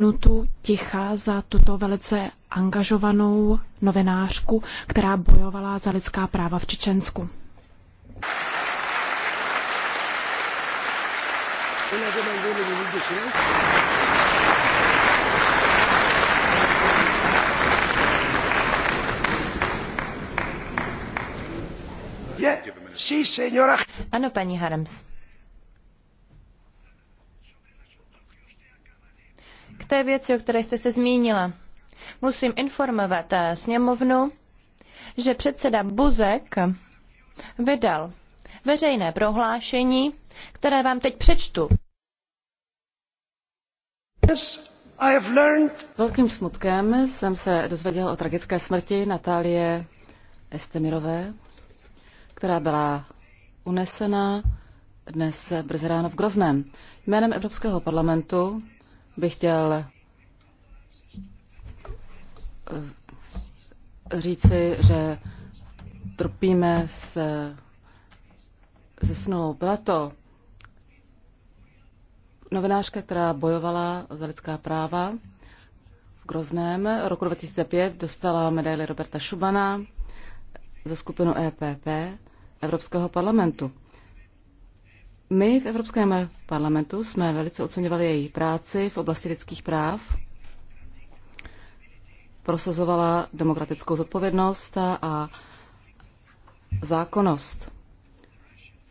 minutu ticha za tuto velice angažovanou novinářku, která bojovala za lidská práva v Čečensku. Ano, paní Harms. K té věci, o které jste se zmínila. Musím informovat eh, sněmovnu, že předseda Buzek vydal veřejné prohlášení, které vám teď přečtu. Yes, Velkým smutkem jsem se dozvěděl o tragické smrti Natálie Estemirové, která byla unesena dnes brzy ráno v Grozném. Jménem Evropského parlamentu bych chtěl eh, říci, že trpíme se snou. Byla to novinářka, která bojovala za lidská práva v Grozném. Roku 2005 dostala medaili Roberta Šubana za skupinu EPP Evropského parlamentu. My v Evropském parlamentu jsme velice oceňovali její práci v oblasti lidských práv. Prosazovala demokratickou zodpovědnost a zákonnost.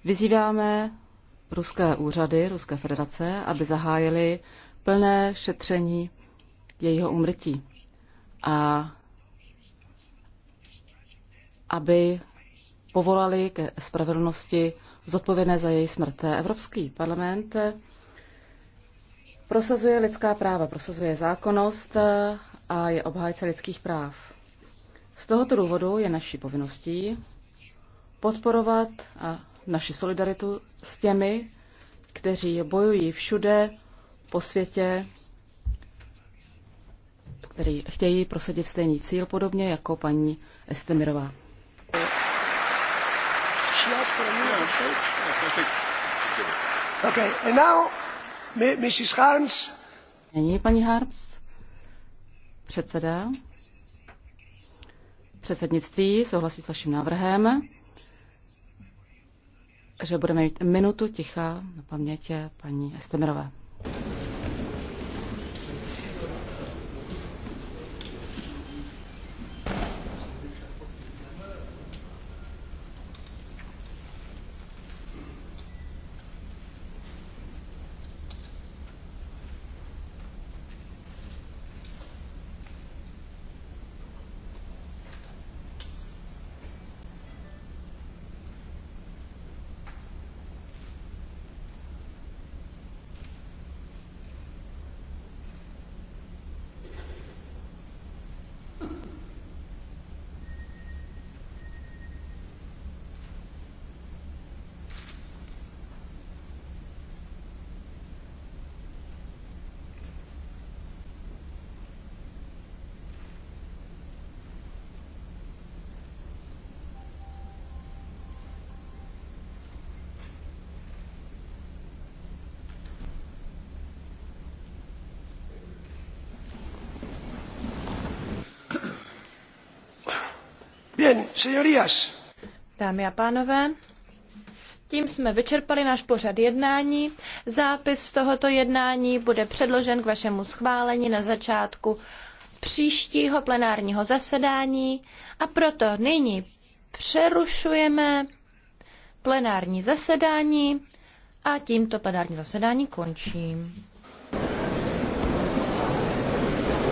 Vyzýváme ruské úřady, Ruské federace, aby zahájili plné šetření jejího umrtí a aby povolali ke spravedlnosti zodpovědné za její smrt. Evropský parlament prosazuje lidská práva, prosazuje zákonnost a je obhájce lidských práv. Z tohoto důvodu je naší povinností podporovat a naši solidaritu s těmi, kteří bojují všude po světě, kteří chtějí prosadit stejný cíl, podobně jako paní Estemirová. Okay, Nyní paní Harms, předseda předsednictví souhlasí s vaším návrhem, že budeme mít minutu ticha na paměti paní Estemirové. Dámy a pánové, tím jsme vyčerpali náš pořad jednání. Zápis tohoto jednání bude předložen k vašemu schválení na začátku příštího plenárního zasedání a proto nyní přerušujeme plenární zasedání a tímto plenární zasedání končím.